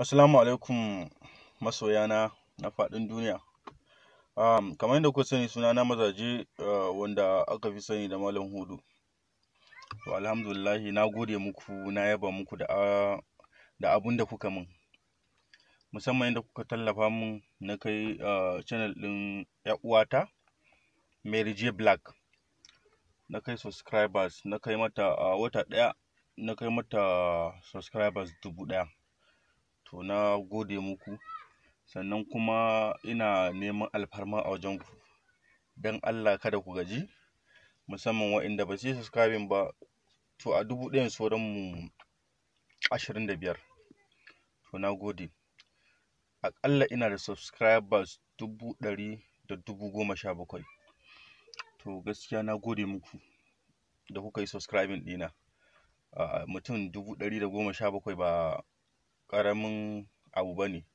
Assalamu alaikum masoyana na faɗin duniya. Um, kamar yadda kuka sani suna na Mazaje eh, wanda aka fi sani da Malam Hudu. To alhamdulillahi na gode muku na yaba muku da da abun da kuka min. Musamman yadda kuka tallafa min na kai uh, channel ɗin uwata Mary J Black. Na kai subscribers na kai mata wata ɗaya na kai mata subscribers dubu ɗaya. to na gode muku sannan kuma ina neman alfarma a wajen ku don Allah kada ku gaji musamman waɗanda ba su yi subscribing ba to a dubu ɗayan sauran mu ashirin da biyar to na gode aƙalla ina da subscribers dubu ɗari da dubu goma sha bakwai to gaskiya na gode muku da kuka yi subscribing ɗina ah, mutum dubu ɗari da goma sha bakwai ba ƙaramin abu ba ne,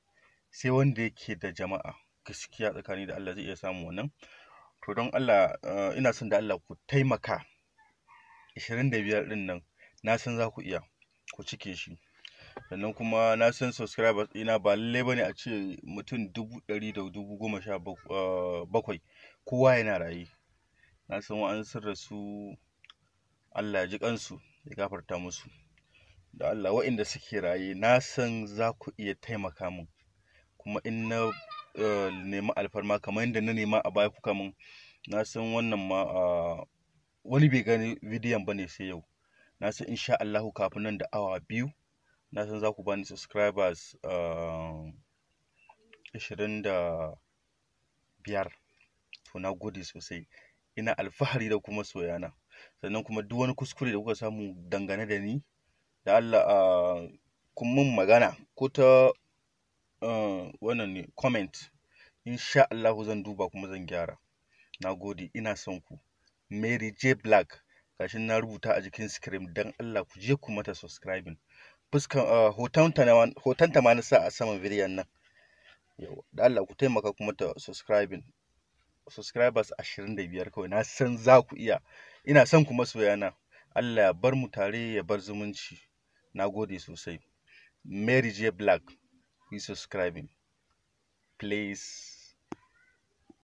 sai wanda yake da jama'a gaskiya tsakani da Allah zai iya samu wannan to don Allah eh, ina son da Allah ku taimaka 25 ɗin nan na san za ku iya ku cike shi sannan kuma na san subscribers ɗina ba lallai bane a ce mutum dubu ɗari da dubu goma sha eh, bakwai kowa yana rayu. na san wa'an sun rasu Allah ya ji kansu ya gafarta musu da Allah waɗanda suke raye na san za ku iya taimaka min kuma in na eh, nemi alfarma kamar yadda na nema a baya kuka min na san wannan ma wani bai gani bidiyon ba ne sai yau na san insha Allahu kafin nan da awa biyu na san za ku bani subscribers eh, ashirin da biyar to na gode sosai ina alfahari da kuma na sannan kuma duk wani kuskure da kuka samu dangane da ni da Allah a kun mun magana ko ta wannan ne comment insha Allahu zan duba kuma zan gyara na gode ina son ku Mary J Black gashin na rubuta a jikin screen dan Allah ku je ku mata subscribing fuskan ta ma na sa a saman bidiyon nan yau da Allah ku taimaka kuma ta subscribing subscribers ashirin da biyar kawai na san za ku iya ina son ku masoyana Allah ya bar mu tare ya bar zumunci na gode sosai mary j black we subscribing please